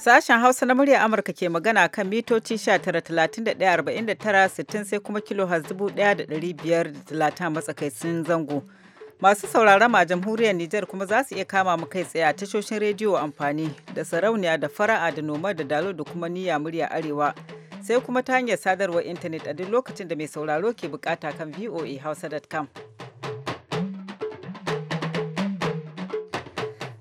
Sashen Hausa na murya Amurka ke magana kan mitoci 19,31,49,60 sai kuma kilo talata matsakaicin zango. Masu sauraron ma jamhuriyar Nijar kuma za su iya kama mu kai tsaye a tashoshin rediyo amfani da sarauniya da fara'a da noma da dalo da kuma niyya murya arewa. Sai kuma ta hanyar sadarwar intanet a duk lokacin da mai sauraro ke bukata kan voahausa.com.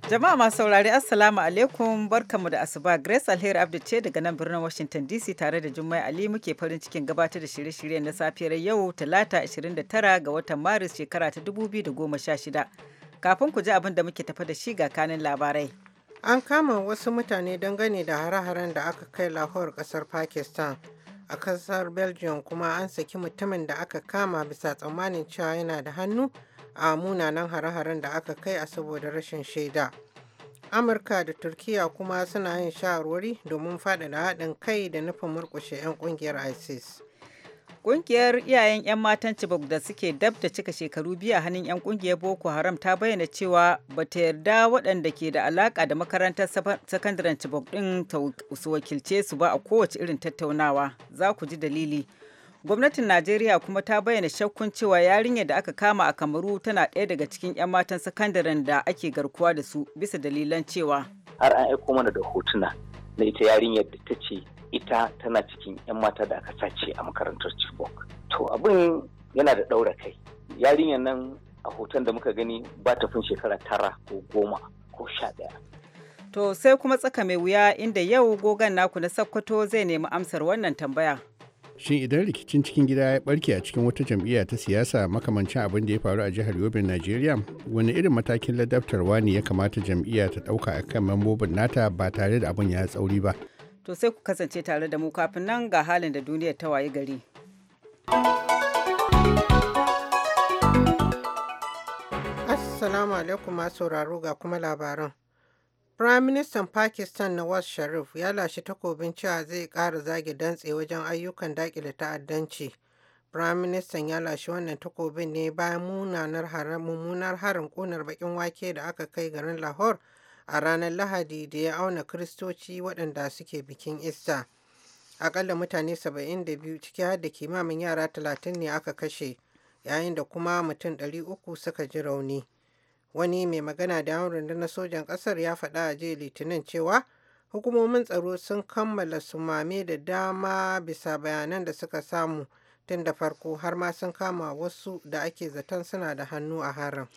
Jama'a masu saurari Assalamu alaikum barkamu da asuba Grace Alheri Abdu ce daga nan birnin Washington DC tare da Jummai Ali muke farin cikin gabatar da shirye-shiryen na safiyar yau Talata 29 ga watan Maris shekara ta 2016. Kafin ku ji abin da muke tafa da shi ga kanin labarai. An kama wasu mutane dangane da hare-haren da aka kai Lahore kasar Pakistan. A kasar Belgium kuma an saki mutumin da aka kama bisa tsammanin cewa yana da hannu a munanan hare-haren da aka kai a saboda rashin shaida amurka da turkiya kuma suna yin shawarwari domin faɗaɗa haɗin kai da nufin murƙushe 'yan ƙungiyar isis Ƙungiyar iyayen 'yan matan Chibok da suke dab da cika shekaru biyu a hannun 'yan ƙungiyar Boko Haram ta bayyana cewa ba ta yarda waɗanda ke da alaƙa da makarantar sakandaren Chibok ɗin su wakilce su ba a kowace irin tattaunawa. Za ku ji dalili. gwamnatin najeriya kuma ta bayyana shakkun cewa yarinyar da aka kama a kamaru tana ɗaya daga cikin 'yan matan sakandaren da ake garkuwa da su bisa dalilan cewa har an aiko mana da hotuna na ita yarinyar da ta ce ita tana cikin 'yan mata da aka sace a makarantar chibok to abin yana da ɗaura kai yarinyar nan a hoton da muka gani ba ta fin shekara tara ko goma ko sha ɗaya to sai kuma tsaka mai wuya inda yau gogan naku na sakkwato zai nemi amsar wannan tambaya shin idan rikicin cikin gida ya barke a cikin wata jam'iyya ta siyasa makamancin abin da ya faru a jihar yobin nigeria wani irin matakin ladabtarwa ne ya kamata jam'iyya ta ɗauka a kan membobin nata ba tare da abin ya tsauri ba to sai ku kasance tare da mu kafin nan ga halin da duniyar ta waye gari assalamu alaikum masu sauraro ga kuma labaran Firaministan Pakistan Nawaz Sharif ya lashe takobin cewa zai ƙara zage dantse wajen ayyukan dakile ta'addanci. Firaministan ya lashe wannan takobin ne bayan mummunar harin ƙunar bakin wake da aka kai garin Lahore a ranar Lahadi da ya auna Kiristoci waɗanda suke bikin Ista. Akalla mutane 72 ciki har da kimamin yara 30 ne aka kashe, yayin da kuma mutum 300 suka ji rauni. Wani mai magana da yawon rundunar sojan ƙasar ya faɗa a jiya Litinin cewa hukumomin tsaro sun kammala sumame da dama bisa bayanan da suka samu tun da farko har ma sun kama wasu da ake zaton suna da hannu a harin.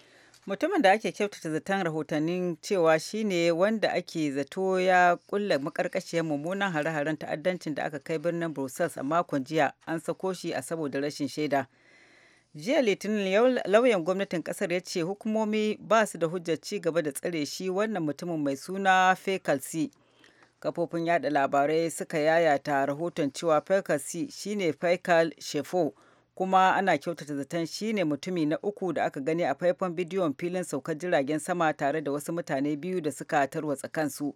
mutumin da ake kyautata zaton rahotannin cewa shine wanda ake zato ya kulle makarkashiyar mummunan hare-haren ta'addancin da aka kai birnin brussels a makon jiya an sako shi a saboda rashin shaida jiya litinin lauyan gwamnatin kasar ya ce hukumomi ba su da hujjar ci gaba da tsare shi wannan mutumin mai suna fekalsi kafofin yada labarai suka yayata rahoton cewa fekalsi shine fekal shefo kuma ana kyautata zaton shine mutumi na uku da aka gani a faifan bidiyon filin saukar jiragen sama tare da wasu mutane biyu da suka tarwatsa kansu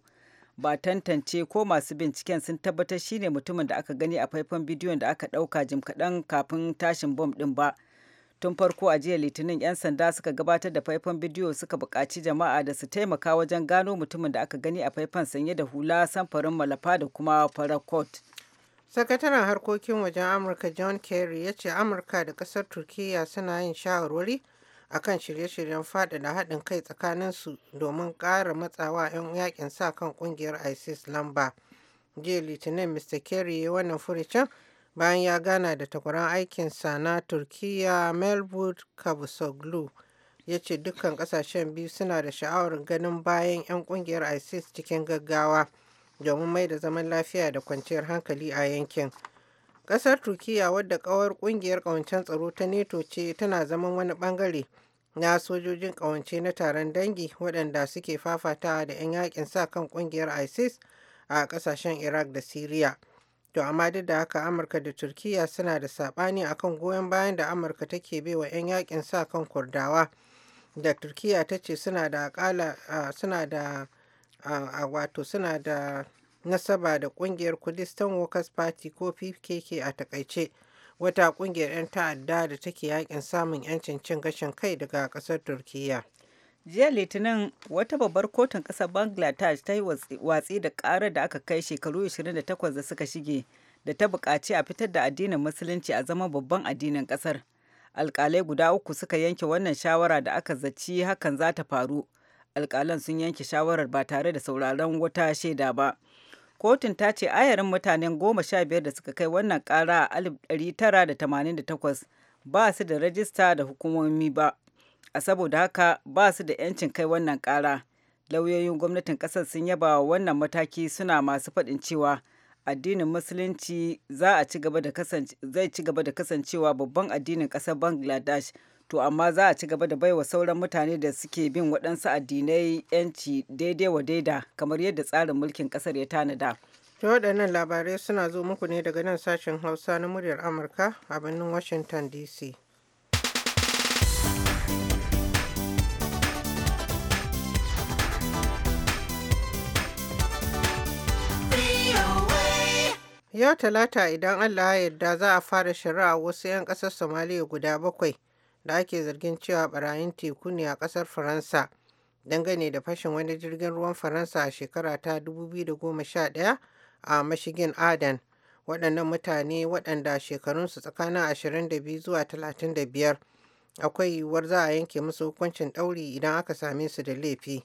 ba tantance ko masu binciken sun tabbatar shine mutumin da aka gani a faifan bidiyon da aka ɗauka jim kaɗan kafin tashin bom ɗin ba tun farko a jiya litinin 'yan sanda suka gabatar da faifan bidiyo suka bukaci jama'a da su taimaka wajen gano mutumin da aka gani a faifan sanye da hula samfarin malafa da kuma farar court sakataren harkokin wajen amurka john kerry ya ce amurka da ƙasar turkiyya suna yin shawarwari akan shirye-shiryen faɗaɗa haɗin kai tsakaninsu domin ƙara matsawa 'yan yakin sa kan ƙungiyar isis lamba jiya litinin mr kerry wannan furucin bayan ya gana da takwaran aikinsa na turkiya Mevlut Cavusoglu ya ce dukkan kasashen biyu suna da sha'awar ganin bayan 'yan kungiyar ISIS cikin gaggawa domin mai da zaman lafiya da kwanciyar hankali a yankin. Ƙasar Turkiyya wadda kawar kungiyar ƙawancen tsaro ta NETO, ce tana zaman wani bangare na sojojin ƙawance na taron dangi waɗanda suke fafata da 'yan yakin sa kan kungiyar ISIS a ƙasashen Iraq da Siriya. To amma duk da haka Amurka da Turkiyya suna da saɓani akan goyon bayan da Amurka take bai wa 'yan yakin sa kan Kurdawa da Turkiyya ta ce suna da akala suna da wato suna da nasaba da ƙungiyar Kurdistan Workers Party ko PKK a takaice wata ƙungiyar 'yan ta'adda da take yakin samun 'yancin cin gashin kai daga ƙasar Turkiyya. jiya litinin wata babbar kotun ƙasar bangladesh ta yi watsi da ƙarar da aka kai shekaru 28 da suka shige da ta buƙaci a fitar da addinin musulunci a zama babban addinin ƙasar alƙalai guda uku suka yanke wannan shawara da aka zaci hakan za ta faru alƙalan sun yanke shawarar ba tare da sauraron wata shaida ba kotun ta ce ayarin mutanen goma sha biyar da suka kai wannan ƙara a 1988 ba su da rajista da hukumomi ba a saboda haka ba su da 'yancin kai wannan kara lauyoyin gwamnatin ƙasar sun yaba wannan mataki suna masu faɗin cewa addinin musulunci zai ci gaba da kasancewa babban addinin ƙasar bangladesh to amma za a ci gaba da baiwa sauran mutane da suke bin waɗansu addinai 'yanci daidai wa daida kamar yadda tsarin mulkin ƙasar ya tanada ta waɗannan labarai suna zo muku ne daga nan sashen hausa na muryar amurka a birnin washington dc Yau Talata idan Allah ya yarda za a fara shari'a wasu 'yan ƙasar Somaliya guda bakwai da ake zargin cewa barayin teku ne a ƙasar Faransa dangane da fashin wani jirgin ruwan Faransa a shekara ta 2011 a mashigin Aden. Waɗannan mutane waɗanda shekarunsu tsakanin 22 zuwa 35 akwai yiwuwar za a yanke musu hukuncin ɗauri idan aka same su da laifi.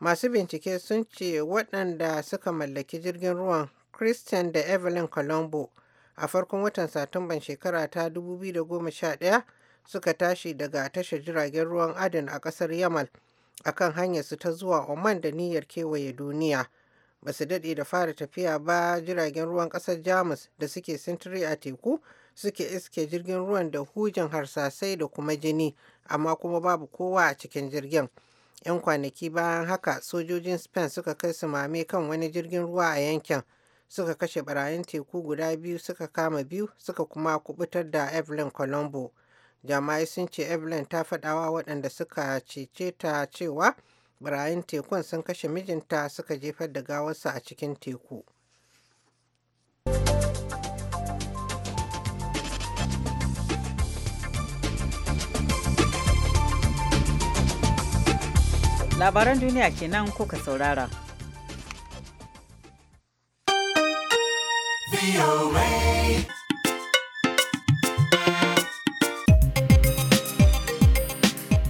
Masu bincike sun ce waɗanda suka mallaki jirgin ruwan Christian da Evelyn Colombo a farkon watan Satumban shekara ta 2011 suka tashi daga tashar jiragen ruwan Aden a ƙasar Yamal a kan hanyarsu ta zuwa Oman da niyyar kewaye duniya. Ba su daɗe da fara tafiya ba jiragen ruwan ƙasar Jamus da suke sintiri a teku suke iske jirgin ruwan da hujin harsasai da kuma jini amma kuma babu kowa a cikin jirgin. 'Yan kwanaki bayan haka sojojin Spain suka kai su mame kan wani jirgin ruwa a yankin. suka kashe barayin teku guda biyu suka kama biyu suka kuma kubutar da evelyn colombo jama'ai sun ce evelyn ta faɗawa waɗanda suka cece ta cewa barayin tekun sun kashe mijinta suka jefar da gawarsa a cikin teku labaran duniya kenan kuka saurara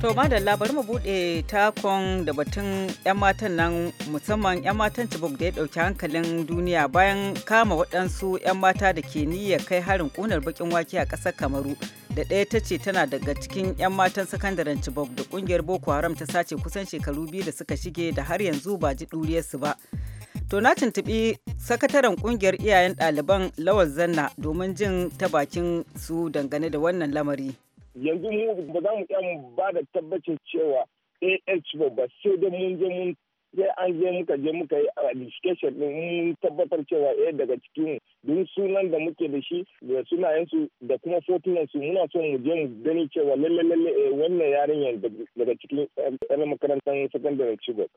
To da labar mu bude takon da batun 'yan matan nan musamman 'yan matan Chibok da ya dauki hankalin duniya bayan kama waɗansu 'yan mata da ke niyyar kai harin kunar bakin wake a ƙasar Kamaru da ɗaya ta ce tana daga cikin 'yan matan sakandaren Chibok da ƙungiyar Boko Haram ta sace kusan shekaru biyu da suka shige da har yanzu ba ji ɗuriyarsu ba. To na tuntubi sakataren kungiyar iyayen ɗaliban lawan Zanna domin jin ta bakin su dangane da wannan lamari. Yanzu mu ba za mu iya ba da tabbacin cewa AH ba sai da mun je mun sai an je muka je muka yi registration din mun tabbatar cewa eh daga cikin duk sunan da muke da shi da sunayen su da kuma fotunan su muna son mu je mu gani cewa lalle lalle eh wannan yarinyar daga cikin ɗan eh, makarantar sakandare Chibok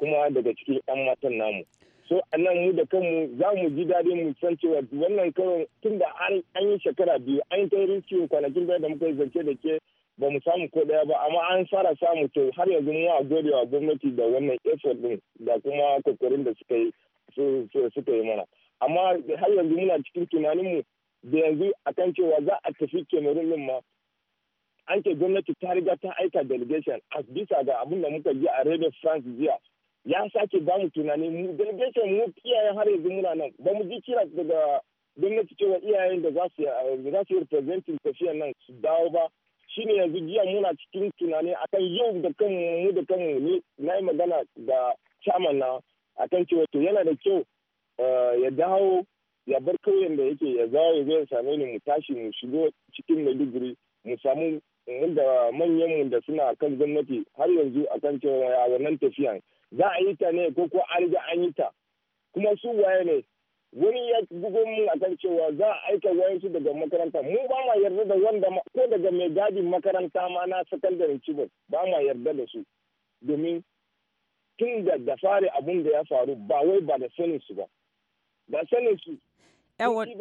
kuma daga cikin 'yan matan namu so anan mu da kanmu za mu ji daɗin mu san cewa wannan karon tun da an yi shekara biyu an kai rikiyo ciwo kwanakin da muka yi zance da ke ba mu samu ko ɗaya ba amma an fara samu to har yanzu mu a gode wa gwamnati da wannan effort din da kuma kokarin da suka yi suka yi mana amma har yanzu muna cikin mu da yanzu akan cewa za a tafi kemerun din ma an ce gwamnati ta riga ta aika delegation a bisa ga abin da muka ji a radio france jiya ya sake bamu tunani mu daidai mu iyayen har yanzu muna nan ba mu ji kira daga gwamnati cewa iyayen da za su yi representing tafiyan nan su dawo ba shine yanzu jiya muna cikin tunani akan yau da kan mu da kan ne na yi magana da chairman na akan cewa to yana da kyau eh, ya dawo ya bar kauyen da yake ya zawo ya zo ya same ni mu tashi mu shigo cikin maiduguri mu samu da manyanmu da suna kan gwamnati har yanzu akan cewa ya wannan tafiyan za a yi ta ne ko ko an ga an yi ta kuma su waye ne wani ya bugun mu a kan cewa za a aika wayansu daga makaranta mu ba ma yarda da wanda ko daga mai gadin makaranta ma na sakandare cibin ba ma yarda da su domin tun da da fare abun da ya faru ba wai ba da sanin su ba ba sanin su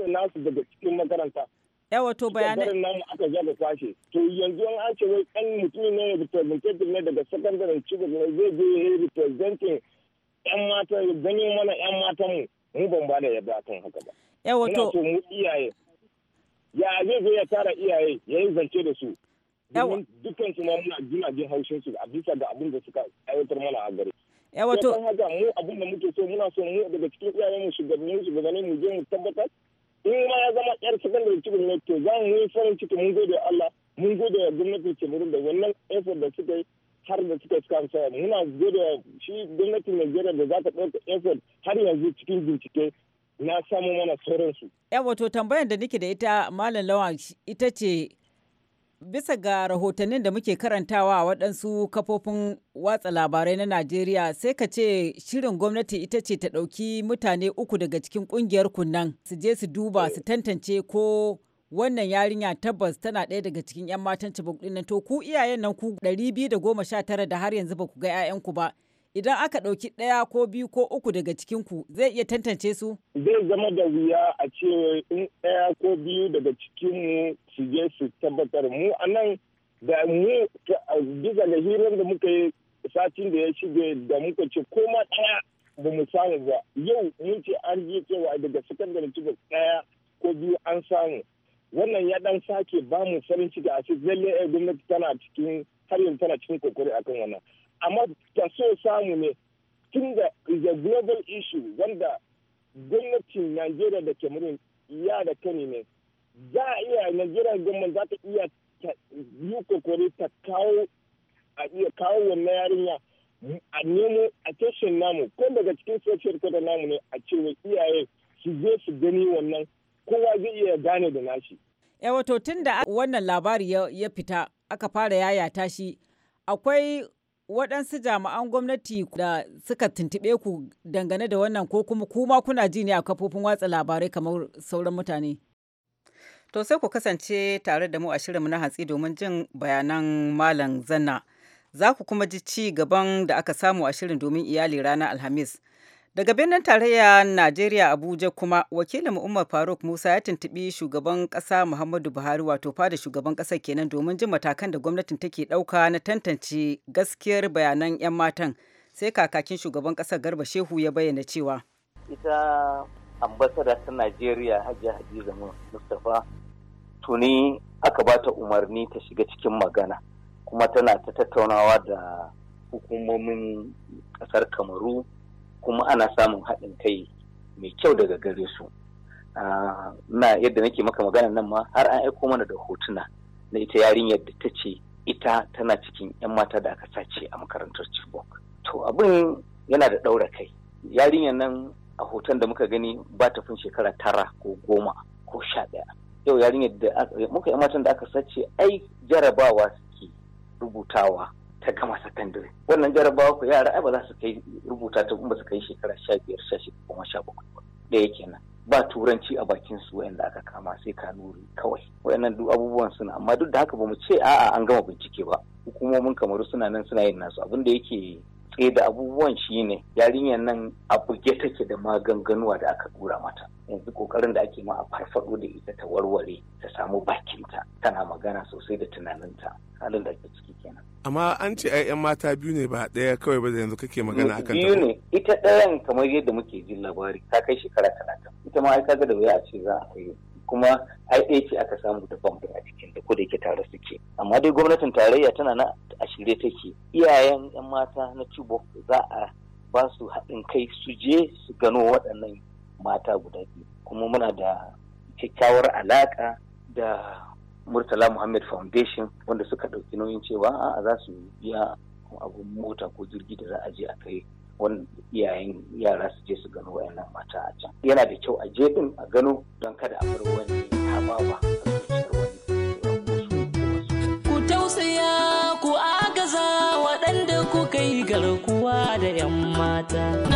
nasu daga cikin makaranta yawa to bayanai barin nan aka ja da kwashe to yanzu an ake wai kan mutum ne representative ne daga sakandaren cikin zai je ya representing yan mata ganin mana yan matan mu mu ban ba da yaba kan haka ba yawa to mu iyaye ya zai zo ya tara iyaye ya yi zance da su domin dukkan su ma muna jina jin haushin su a bisa ga abin da suka aiwatar mana a gari yawa to haka mu abin da muke so muna so mu daga cikin iyayen mu shugabannin shugabannin mu je mu tabbatar in ma ya zama yar sakandare cikin ne to za mu yi farin ciki mun gode Allah mun gode wa gwamnatin Cameroon da wannan effort da suka yi har da suka suka amsa muna gode shi gwamnatin Najeriya da za ta ɗauka effort har yanzu cikin bincike na samu mana sauransu. Yawa to tambayar da nake da ita Malam Lawan ita ce bisa ga rahotannin da muke karantawa a waɗansu kafofin watsa labarai na Najeriya sai ka ce shirin gwamnati ita ce ta ɗauki mutane uku daga cikin ƙungiyar kunnan su je su duba su tantance ko wannan yarinya tabbas tana ɗaya daga cikin 'yan matan cibok ɗin to ku iyayen nan ku 219 da har yanzu ba ku ga 'ya'yanku ba idan aka ɗauki ɗaya ko biyu ko uku daga cikinku zai iya tantance su? Zai zama da wuya a cewa in ɗaya ko biyu daga cikinmu su je su tabbatar mu a nan da mu bisa da hirar da muka yi satin da ya shige da muka ce koma ɗaya ba mu samu ba yau mun ce an je cewa daga sakandare cikin ɗaya ko biyu an samu wannan ya ɗan sake ba mu farin ciki a cikin lalle eh, gwamnati tana cikin har yanzu tana cikin kokari akan wannan amma da so samu ne tun da is a global issue wanda gwamnatin Najeriya da Cameroon ya da kani ne za a iya Najeriya gwamnati za ta iya yi kokore ta kawo a iya kawo wannan yarinya a nemo a tashin namu ko daga cikin social kwata namu ne a cewa iyaye su zo su gani wannan kowa zai iya gane da nashi. E wato tun da wannan labari ya fita aka fara yayata shi akwai waɗansu jami'an gwamnati da suka tuntuɓe ku dangane da wannan ko kuma kuma kuna ji ne a kafofin watsa labarai kamar sauran mutane. To sai ku kasance tare da mu a shirinmu na hatsi domin jin bayanan Malam Zanna. Za ku kuma ji ci gaban da aka samu a shirin domin iyali ranar Alhamis. Daga birnin tarayya Najeriya Abuja kuma wakilin Umar Faruk Musa ya tuntubi shugaban kasa Muhammadu Buhari wato fada shugaban kasar kenan domin jin matakan da gwamnatin take dauka na tantance gaskiyar bayanan 'yan matan sai kakakin shugaban ƙasar Garba Shehu ya bayyana cewa ita ambasada ta Najeriya Hajiya Hadiza Mustapha tuni aka ba ta umarni ta shiga cikin magana kuma tana ta tattaunawa da hukumomin kasar Kamaru kuma ana samun haɗin kai mai kyau daga gare su na yadda nake maka magana nan ma har an aiko mana da hotuna na ita yarinyar da ta ce ita tana cikin 'yan mata da aka sace a makarantar chibok to abin yana da ɗaura kai yarinyar nan a hoton da muka gani ba ta fin shekara tara ko goma ko sha ɗaya yau yarinyar da muka 'yan matan da aka sace ai jarabawa suke rubutawa ta gama sakandare wannan jarabawa ku yara ai ba za su kai rubuta ta ba su kai shekara sha biyar sha shida kuma sha bakwai ba ɗaya kenan ba turanci a bakin su wayanda aka kama sai ka kanuri kawai wayannan duk abubuwan suna amma duk da haka ba mu ce a'a an gama bincike ba hukumomin kamaru suna nan suna yin nasu abin da yake tsaye eh, da abubuwan shi ne yarinyar nan a buge take da maganganuwa da aka dura mata yanzu kokarin da ake ma a farfado da ita ta warware ta samu bakinta tana magana sosai da tunaninta halin da ake ciki kenan amma an ce ai yan mata biyu ne ba daya kawai ba da yanzu kake magana akan biyu ne ita ɗayan kamar yadda muke jin labari ta kai shekara talatin ita ma ai kaga da wuya a ce za a kai kuma IAC aka samu da bam a cikin da kodayake tare suke amma dai gwamnatin tarayya tana na a shirye take iyayen yan mata na Chibok za a ba su haɗin kai su je su gano waɗannan mata guda biyu kuma muna da kyakkyawar alaƙa da Murtala Muhammad Foundation wanda suka ɗauki nauyin cewa a za su biya abun mota ko jirgi da za a je a kai wanda iyayen yara su je su gano wayannan mata a can yana da kyau a je din a gano don kada a bar wani tabawa a zuciyar wani ku tausaya ku agaza waɗanda ku kai garkuwa da 'yan mata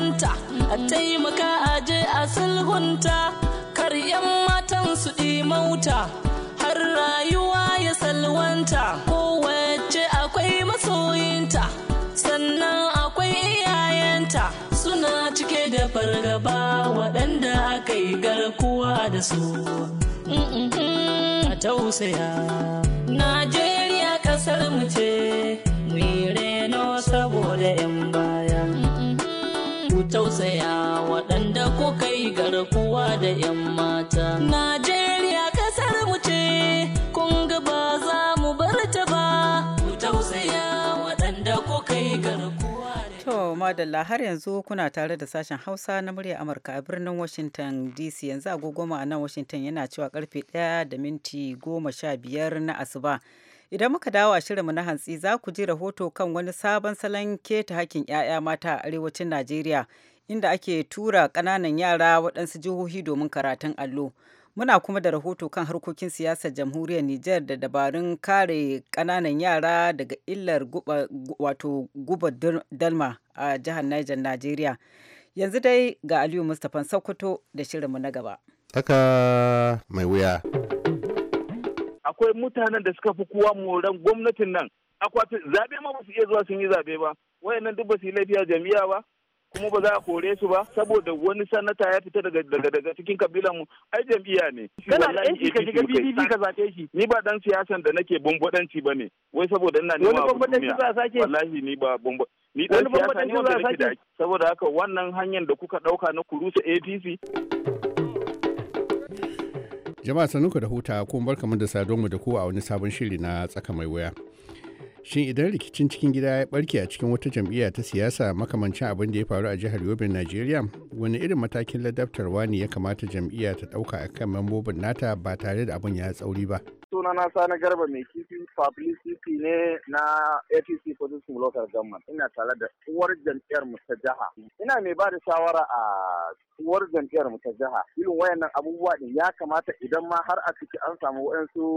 santa a taimaka a je a sulhunta Karyan matan su mauta har rayuwa ya salwanta kowace akwai masoyinta sannan akwai iyayenta suna cike da fargaba waɗanda aka yi garkuwa da su a tausaya najeriya ƙasar mu ce mire reno saboda 'yan baya tausaya waɗanda ko kai garkuwa da 'yan mata. Najeriya kasar mu ce, kun ga ba za mu bar ta ba, ku tausaya waɗanda ko kai garkuwa da To, madalla har yanzu kuna tare da sashen Hausa na murya Amurka a birnin Washington DC yanzu agogoma a nan Washington yana cewa karfe 1 da minti 15 na asuba. Idan muka dawo a shirinmu na hantsi za ku ji rahoto kan wani sabon salon keta hakkin 'ya'ya mata a arewacin Najeriya inda ake tura ƙananan yara waɗansu jihohi domin karatun allo. Muna kuma da rahoto kan harkokin siyasar jamhuriyar Nijar da dabarun kare ƙananan yara daga illar guba, wato guba dalma a jihar Niger Najeriya. Yanzu dai ga Aliyu Mustapha Sokoto da shirinmu na gaba. Tsaka mai wuya. akwai mutanen da suka fi kowa moran gwamnatin nan akwati zaɓe ma ba su iya zuwa sun yi zaɓe ba wayannan duk ba su yi laifiya jami'a ba kuma ba za a kore su ba saboda wani sanata ya fita daga daga daga cikin kabilan mu ai jami'a ne kana da shi ka shiga PDP ka zaɓe shi ni ba dan siyasan da nake bumbudanci bane wai saboda ina neman wani bumbudanci za a sake wallahi ni ba bumbu ni dan siyasa ne saboda haka wannan hanyar da kuka dauka na kurusa APC jama'a sanuku da huta kuma kamar da mu da ku a wani sabon shiri na tsaka mai wuya shin idan rikicin cikin gida ya barke a cikin wata jam'iyya ta siyasa makamancin abin da ya faru a jihar yobin nigeria wani irin matakin ladabtarwa ne ya kamata jam'iyya ta ɗauka a kan membobin nata ba tare da abin ya tsauri ba suna na sani garba mai kifi publicity ne na apc position local government ina tare da uwar jam'iyyar mu ta jiha ina mai ba da shawara a uwar jam'iyyar mu ta jiha irin wayannan abubuwa din ya kamata idan ma har a ciki an samu wayansu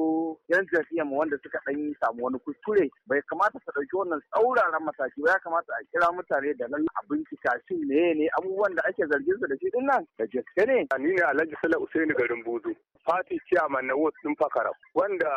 yan jam'iyyar mu wanda suka dan samu wani kuskure bai kamata su ɗauki wannan tsauraran mataki ba ya kamata a kira mutane da nan a bincika shin ne ne abubuwan da ake zargin su da shi din nan da gaske ne ni ne Alhaji Sala Usaini garin bozo fati chairman na Ward din Fakara wanda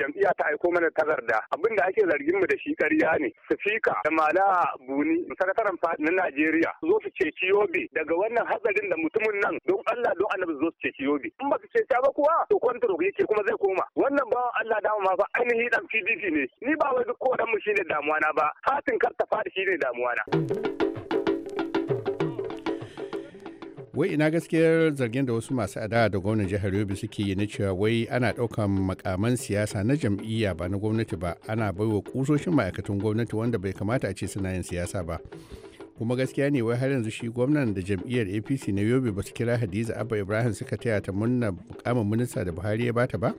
jam'iyya ta aiko mana takarda abin da ake zargin mu da shi ƙarya ne sifika da mala buni sakataren na najeriya zo su ceci yobe daga wannan hatsarin da mutumin nan don allah don annabi zo su ceci yobe in ba su ceta ba kuwa to kwantaro yake kuma zai koma wannan bawan allah dama ma ba, ainihi dan pdp ne ni ba wai duk koran mu shine damuwa na ba hatin kar ta fara shine damuwa na. wai ina gaskiyar zargin da wasu masu adawa da gwamnan jihar yobe suke yi na cewa wai ana ɗaukan makaman siyasa na jam'iyya ba na gwamnati ba ana baiwa ƙusoshin ma'aikatan gwamnati wanda bai kamata a ce suna yin siyasa ba kuma gaskiya ne wai har yanzu shi gwamnan da jam'iyyar apc na yobe ba su kira hadiza abba ibrahim suka taya ta murna mukamin minista da buhari ya bata ba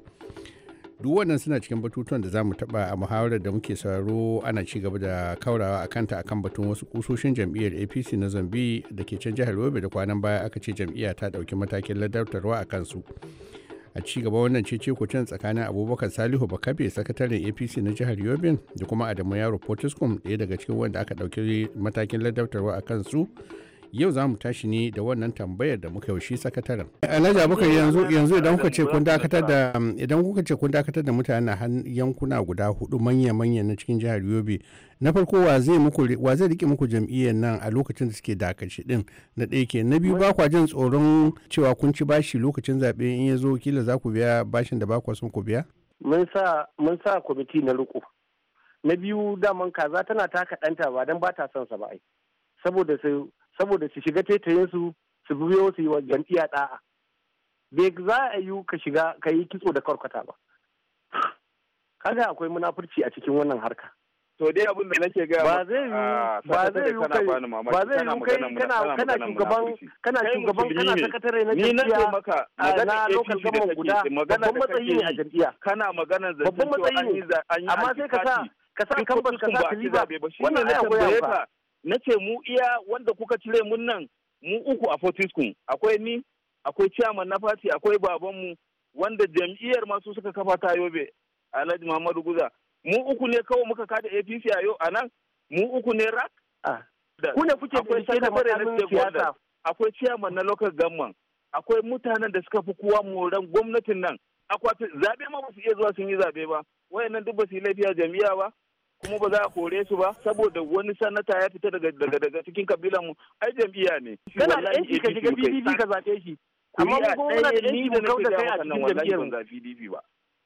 duk wannan suna cikin batutuwan da za mu taɓa a muhawarar da muke sauraro ana ci gaba da kaurawa a kanta akan batun wasu kusoshin jam'iyyar apc na zambi da ke can jihar yobe da kwanan baya aka ce jam'iyya ta ɗauki matakin ladabtarwa a kansu a ci gaba wannan cece kucin tsakanin abubakar salihu bakabe sakataren apc na jihar yobe da kuma adamu yaro potiskum ɗaya daga cikin wanda aka ɗauki matakin ladabtarwa a kansu yau za mu tashi ne da wannan tambayar da muka yaushe sakataren alhaji abubakar yanzu yanzu idan kuka ce kun dakatar da um, idan kuka ce kun dakatar da mutane a yankuna guda hudu manya manya na cikin jihar yobe na farko wa zai muku wa zai rike muku jam'iyyar nan a lokacin da suke dakashi din na ɗaya ke na biyu ba kwa jin tsoron cewa kun ci bashi lokacin zaɓe in ya zo kila za ku biya bashin da ba kwa son ku biya mun sa mun sa kwamiti na riko na biyu daman kaza tana taka ɗanta ba don ba ta son sa ba ai saboda sai. saboda su shiga tetayen su su biyo su yi wa jam'iyya da'a bai za a yi ka shiga ka yi kitso da karkata ba kaga akwai munafurci a cikin wannan harka to dai abin da nake ga ah, ba zai yi ba zai yi kai ba zai yi kai kana kana shugaban kana shugaban kana sakatare na jam'iyya ni nake maka magana local gaban guda magana matsayi ne a jam'iyya kana magana zai babban matsayi ne amma sai ka sa ka sa kan ba ka sa kaliba wannan ne akwai amfa na ce mu iya wanda kuka cire mun nan mu uku a fortiskun akwai ni akwai ciyaman na fati akwai babanmu wanda jam'iyyar masu suka kafa ta yobe alhaji muhammadu guza mu uku ne kawai muka kada apc a yau a nan mu uku ne rak ah. ku ne kuke akwai sakatare na siyasa akwai ciyaman na local gamman akwai mutanen da suka fi kowa moran gwamnatin nan akwai zabe ma ba su iya zuwa sun yi zabe ba wayannan duk ba su yi laifiya jami'a ba kuma ba za a kore su ba saboda wani sanata ya fita daga daga daga cikin kabilan mu ai jam'iyya ne kana da yanki ka shiga PDP ka zabe shi amma mu kuma muna da yanki mu kauda kai a cikin jam'iyyar mu PDP ba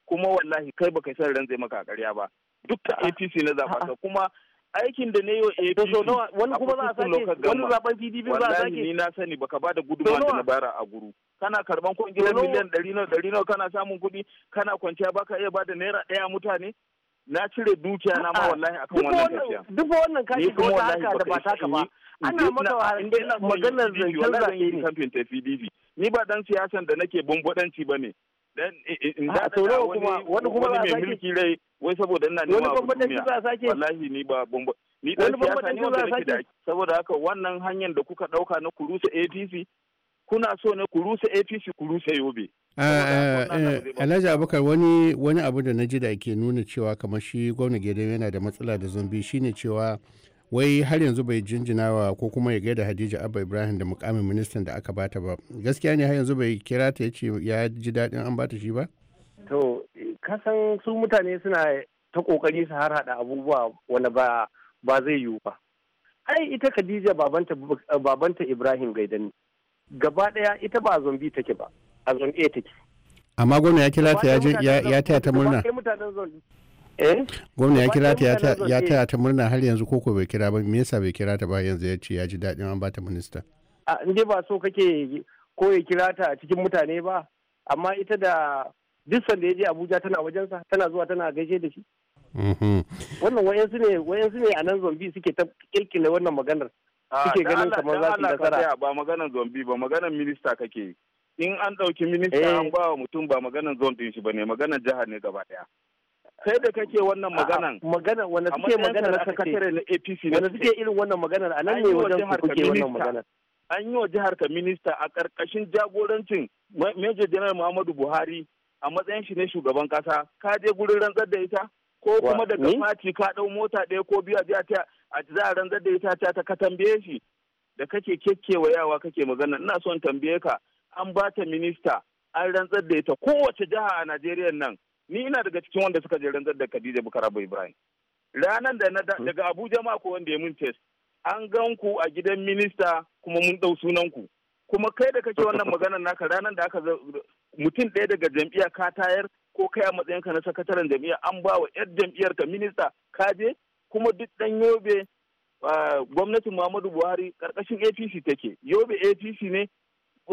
kuma wallahi kai baka san ran zai maka ƙarya ba duk da APC na zaba ka kuma aikin da ne yau APC wani kuma za a sake wani zaben PDP za a sake ni na sani baka ba da gudunmawa da na bara a guru kana karban kungiyar miliyan ɗari nawa kana samun kuɗi kana kwanciya baka iya ba da naira ɗaya mutane na cire dukiya na ma wallahi akan wannan gaskiya duk wannan kashi ko ta haka da ba ta ba ana maka maganar zancen zaɓe ne kamfin ta PDP ni ba dan siyasan da nake bumbudanci bane dan in da tsoro kuma wani kuma ba a mulki rai wai saboda ina ne wani bumbudanci za sake wallahi ni ba bumbu ni dan siyasa ne wanda nake da saboda haka wannan hanyar da kuka dauka na kurusa APC kuna so ne kurusa APC kurusa Yobe Eh, eh, eh, Alhaji Abubakar wani wani abu da na ji da ke nuna cewa kamar shi gwamna gedan yana da matsala da zombi shine cewa wai har yanzu bai jinjinawa ko kuma ya gaida Hadija Abba Ibrahim da mukamin ministan da aka bata ba. Gaskiya ne har yanzu bai kira ta ya ya ji daɗin an bata shi ba? To kasan su mutane suna ta kokari su har hada abubuwa wanda ba ba zai yiwu ba. Ai ita Khadija babanta babanta Ibrahim Gaidani. Gaba ɗaya ita ba zombi take ba. a zone 8 amma gwamna ya kira ta ya taya ta murna eh? gwamna ya kira ta ya taya ta murna har yanzu koko bai kira ba me yasa bai kira ta ba yanzu ya ce ya ji daɗin an bata minista a inda ba so kake ko ya kira ta a cikin mutane ba amma ita da duk sanda ya je abuja tana wajensa tana zuwa tana gaishe da shi mm-hmm. wannan wayansu ne wayansu ne a nan zombi suke ta kirkire wannan maganar suke ganin kamar za su yi nasara ba maganar zombi ba maganar minista kake in an ɗauki minista eh. an ba wa mutum ba maganan zon din shi ba ne maganan jihar ne gaba ɗaya. Kai da kake wannan maganan. maganan wanda suke maganar na sakatare na APC ne. Wanda suke irin wannan maganar a nan ne wajen su kuke wannan maganar. An yi wa jihar ka minista a ƙarƙashin jagorancin Major General Muhammadu Buhari a matsayin shi ne shugaban Kasa. Ka je gurin rantsar da ita? Ko kuma daga mati ka ɗau mota ɗaya ko biyu a a za a rantsar da ita ta ka tambaye shi da kake kekkewa yawa kake magana ina son tambaye ka an ba ta minista an rantsar da ita kowace jiha a Najeriya nan ni ina daga cikin wanda suka je rantsar da Khadija Bukarabo Ibrahim ranan da na hmm. daga Abuja mako wanda ya mun test an gan ku a gidan minista kuma mun dau sunan ku kuma kai da kake wannan maganar naka ranan da aka mutum ɗaya daga jam'iyya ka tayar ko kai a matsayin ka na sakataren jam'iyya an ba wa 'yar jam'iyyar ka minista ka je kuma duk ɗan yobe ah, gwamnatin Muhammadu Buhari karkashin APC take. Yobe APC ne,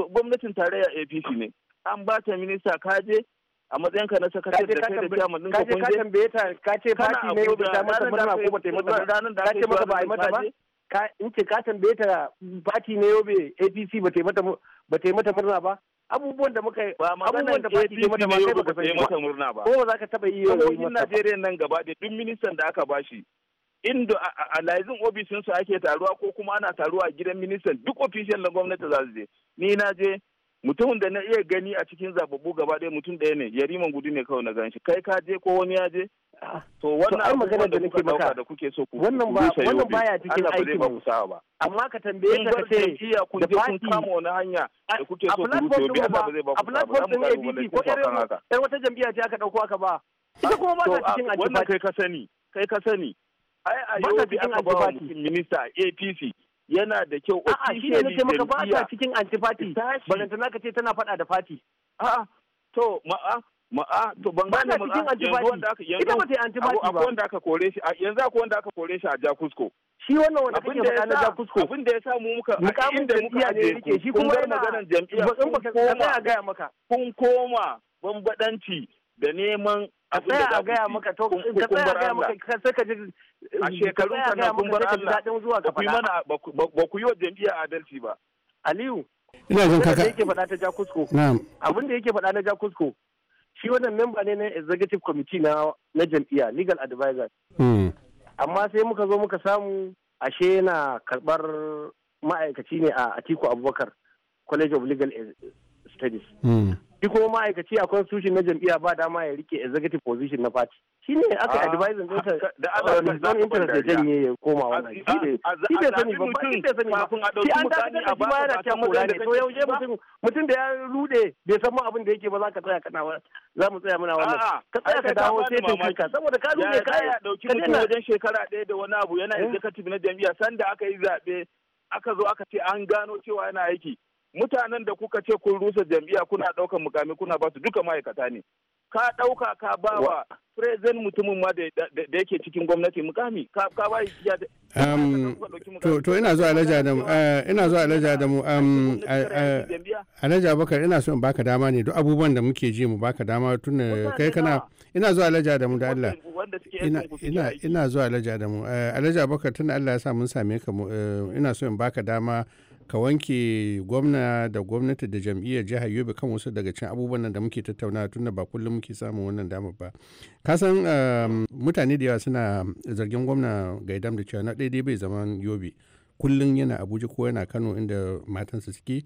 gwamnatin tarayya APC ne an ba ta minista kaje a matsayin ka na sakatare da kai da chairman din ka kun je ka tambaye ta kace ce party ne ba ta mata murna ko ba ta yi mata ranan da ake maka ba ai mata ba ka in ce ka tambaye ta party ne yobe APC ba ta yi mata ba ta mata murna ba abubuwan da muka abubuwan da party ne mata ba kai ba mata murna ba ko ba za ka taba yi yau Najeriya nan gaba da duk ministan da aka bashi inda a laizin su ake taruwa ko kuma ana taruwa a gidan ministan duk ofishin na gwamnati za su je ni na je mutumin da na iya gani a cikin zababbu gaba ɗaya mutum ɗaya ne yariman gudu ne kawai na gan shi kai ka je ko wani ya je ah, to wannan abu magana da nake maka da kuke so ku wannan ba wannan baya cikin aikin mu. ba amma ka tambaye ka ce da kun je kun kama wani hanya da kuke so ku rufe bi Allah ba zai ba ku a platform din ABC ko irin wata jam'iyya ce aka dauko aka ba ita ah, kuma ba ta ah, cikin ajiba wannan kai ka sani kai ka sani ai a yau bi aka ba minista APC yana da kyau a shi ne maka ba ta cikin antifati balantana ka ce tana faɗa da fati a'a to ma'a to ban gane wanda aka kore shi a Jakusko shi wannan wanda kake na Jakusko abin da ya sa mu muka jam'iyya kun koma bambadanci da neman a tsaya a gaya maka to ka tsaya a gaya a eh, shekarun ka na kun bar Allah ba ku yi wa jam'iyya adalci ba Aliyu ina jin kaka yake faɗa ta Jakusko na'am abin da yake faɗa na Jakusko shi wannan memba ne na executive committee na na jam'iyya legal advisor hmm. amma sai muka zo muka samu ashe yana karɓar ma'aikaci ne a Atiku Abubakar College of Legal e-, Studies hmm. shi kuma ma'aikaci a constitution na jam'iyya ba dama ya rike executive position na party shine ne aka ah, advising ɗinsa da ana um, don interest da janye ya koma wannan shi ne shi ne sani ba ba shi ne sani ba shi an dakatar da shi ma yana kya maza ne to yau mutum mutum da ya rude bai san ma abin da yake ba za ka tsaya kana wa za mu tsaya muna wannan ka tsaya ka dawo sai tun kanka saboda ka rude ka ya dauki mutum wajen shekara ɗaya da wani abu yana eh. executive na jami'a. sanda aka yi zaɓe aka zo aka ce an gano cewa yana aiki mutanen da kuka ce kun rusa jami'a kuna ɗaukar mukami kuna ba su duka ma'aikata ne ka ɗauka ka wa president mutumin ma da yake cikin gwamnati mukami ka ka ba um, to to ina zuwa alhaji adamu eh, ina zuwa alhaji adamu um, alhaji abubakar ina so in baka dama ne duk abubuwan da muke ji mu baka dama tun kai kana ina zuwa alhaji adamu da Allah ina ina zuwa alhaji adamu eh, alhaji abubakar tun Allah ya sa mun same ka eh, ina so in baka dama ka wanke gwamna da gwamnati da jam'iyyar jihar yobe kan wasu daga cin abubuwan da muke tattauna tunda ba kullum muke samun wannan damar ba ka san um, mutane da yawa suna zargin gwamna gaidam da cewa na daidai bai zaman yobe kullum yana abuja ko yana kano inda matansa suke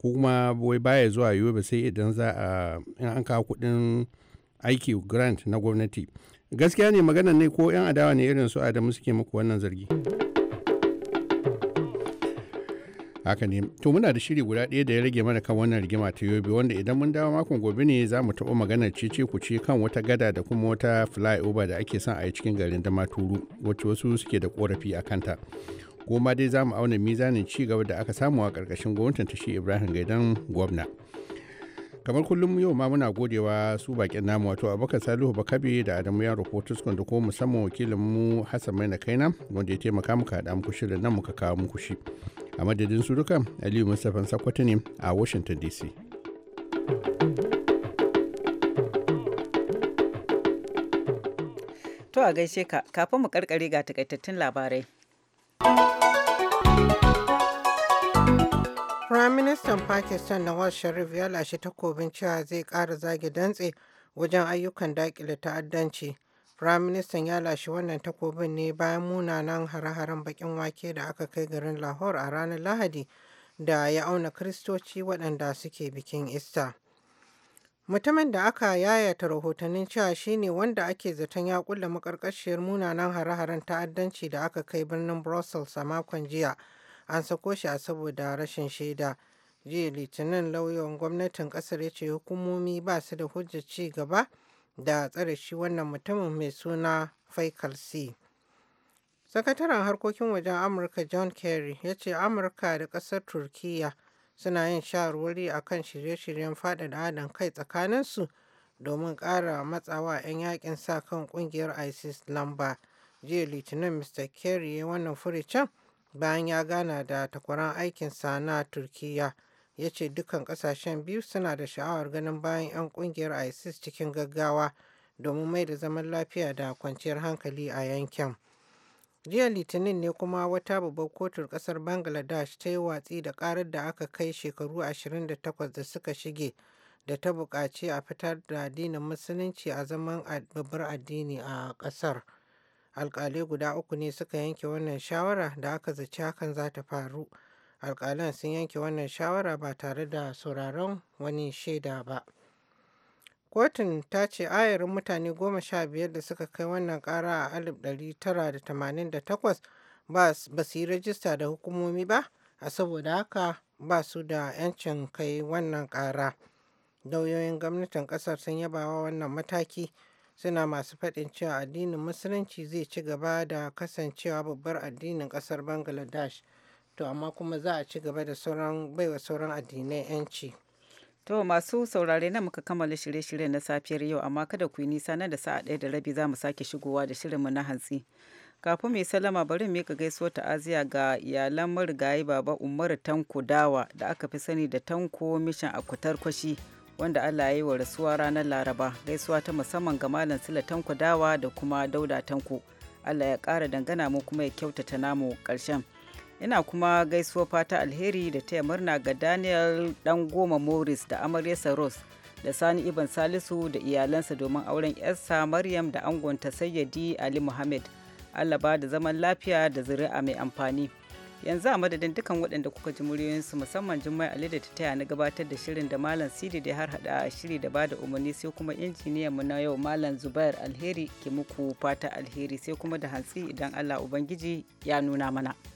ko kuma wai baya zuwa yobe sai idan za a in an kawo kuɗin aiki grant na gwamnati gaskiya ne magana ne ko 'yan adawa ne irin su adamu suke muku wannan zargi. haka ne to muna da shiri guda ɗaya da ya rage mana kan wannan rigima ta yobe wanda idan mun dawo makon gobe ne za mu taɓa maganar cece ku ce kan wata gada da kuma wata flyover da ake son a yi cikin garin dama turu wacce wasu suke da korafi a kanta goma dai za mu auna mizanin ci gaba da aka samu a ƙarƙashin gwamnatin tashi ibrahim gaidan gwamna kamar kullum yau ma muna godewa su bakin namu wato abokan salihu bakabe da adamu yaro fotuskun da kuma musamman wakilin mu hassan maina kaina wanda ya taimaka muka haɗa muku shirin nan muka kawo muku shi a madadin su aliyu mustapha sakwato ne a washington dc to a gaishe ka kafin mu karkare ga takaitattun labarai Firaministan Pakistan na Sharif ya lashe takobin cewa zai kara zage dantse wajen ayyukan daƙile ta'addanci Firaministan ya lashe wannan takobin ne bayan munanan hare-haren baƙin wake da aka kai garin Lahore a ranar Lahadi da ya auna Kiristoci waɗanda suke bikin Ista. Mutumin da aka yayata rahotannin cewa shi ne wanda ake zaton ya kulle makarkashiyar munanan hare-haren ta'addanci da aka kai birnin Brussels a makon jiya an sako shi a saboda rashin shaida. Jiya Litinin lauyan gwamnatin kasar ya ce hukumomi ba su da hujjar ci gaba da tsare shi wannan mutumin mai suna Faikal C. Sakataren harkokin wajen Amurka John Kerry ya ce Amurka da ƙasar Turkiyya suna yin shawarwari a kan shirye-shiryen faɗaɗa haɗin kai tsakaninsu domin ƙara matsawa 'yan yakin sa kan ƙungiyar ISIS lamba. Jiya Litinin Mr. Kerry ya wannan furicin bayan ya gana da takwaran aikinsa na Turkiyya ya ce dukkan kasashen biyu suna da sha'awar ganin bayan 'yan kungiyar isis cikin gaggawa domin mai da zaman lafiya da kwanciyar hankali a yankin jiya litinin ne kuma wata babbar kotun kasar bangladesh ta yi watsi da karar da aka kai shekaru 28 da suka shige da ta buƙaci a fitar da addinin musulunci a zaman babbar addini a ƙasar alƙalai guda uku ne suka yanke wannan shawara da aka zaci hakan za ta faru alkalan sun yanke wannan shawara ba tare da sauraron wani shaida ba kotun ta ce ayarin mutane goma sha biyar da suka kai wannan ƙara a alif ɗari tara da da tamanin takwas ba su yi rajista da hukumomi ba a saboda haka ba su da 'yancin kai wannan ƙara lauyoyin gwamnatin ƙasar sun yaba wa wannan mataki suna masu faɗin cewa addinin musulunci zai ci gaba da kasancewa babbar addinin ƙasar bangladesh to amma kuma za a ci gaba da sauran baiwa sauran addinai 'yanci. To masu saurare na muka kammala shirye-shiryen na safiyar yau amma kada ku yi nisa nan da sa'a ɗaya da rabi za mu sake shigowa da shirinmu na hantsi. Kafin mai salama bari mika gaisuwar ta'aziya ga iyalan marigayi baba umar Tanko Dawa da aka fi sani da Tanko Mishan a kwashi wanda Allah ya yi wa rasuwa ranar Laraba gaisuwa ta musamman ga Malam Sula Tanko Dawa da kuma Dauda Tanko. Allah ya kara dangana mu kuma ya kyautata namu karshen ina kuma gaisuwa fata alheri da taya murna ga daniel dan goma morris da amaryarsa rose da sani ibn salisu da iyalansa domin auren yarsa maryam da angonta sayyadi ali muhammad allah ba da zaman lafiya da zuri'a mai amfani yanzu a madadin dukan waɗanda kuka ji muryoyinsu musamman jummai ali da ta taya na gabatar da shirin da malam sidi da har hada shiri da bada umarni sai kuma injiniyan mu na yau malam zubair alheri ke muku fata alheri sai kuma da hantsi idan allah ubangiji ya nuna mana.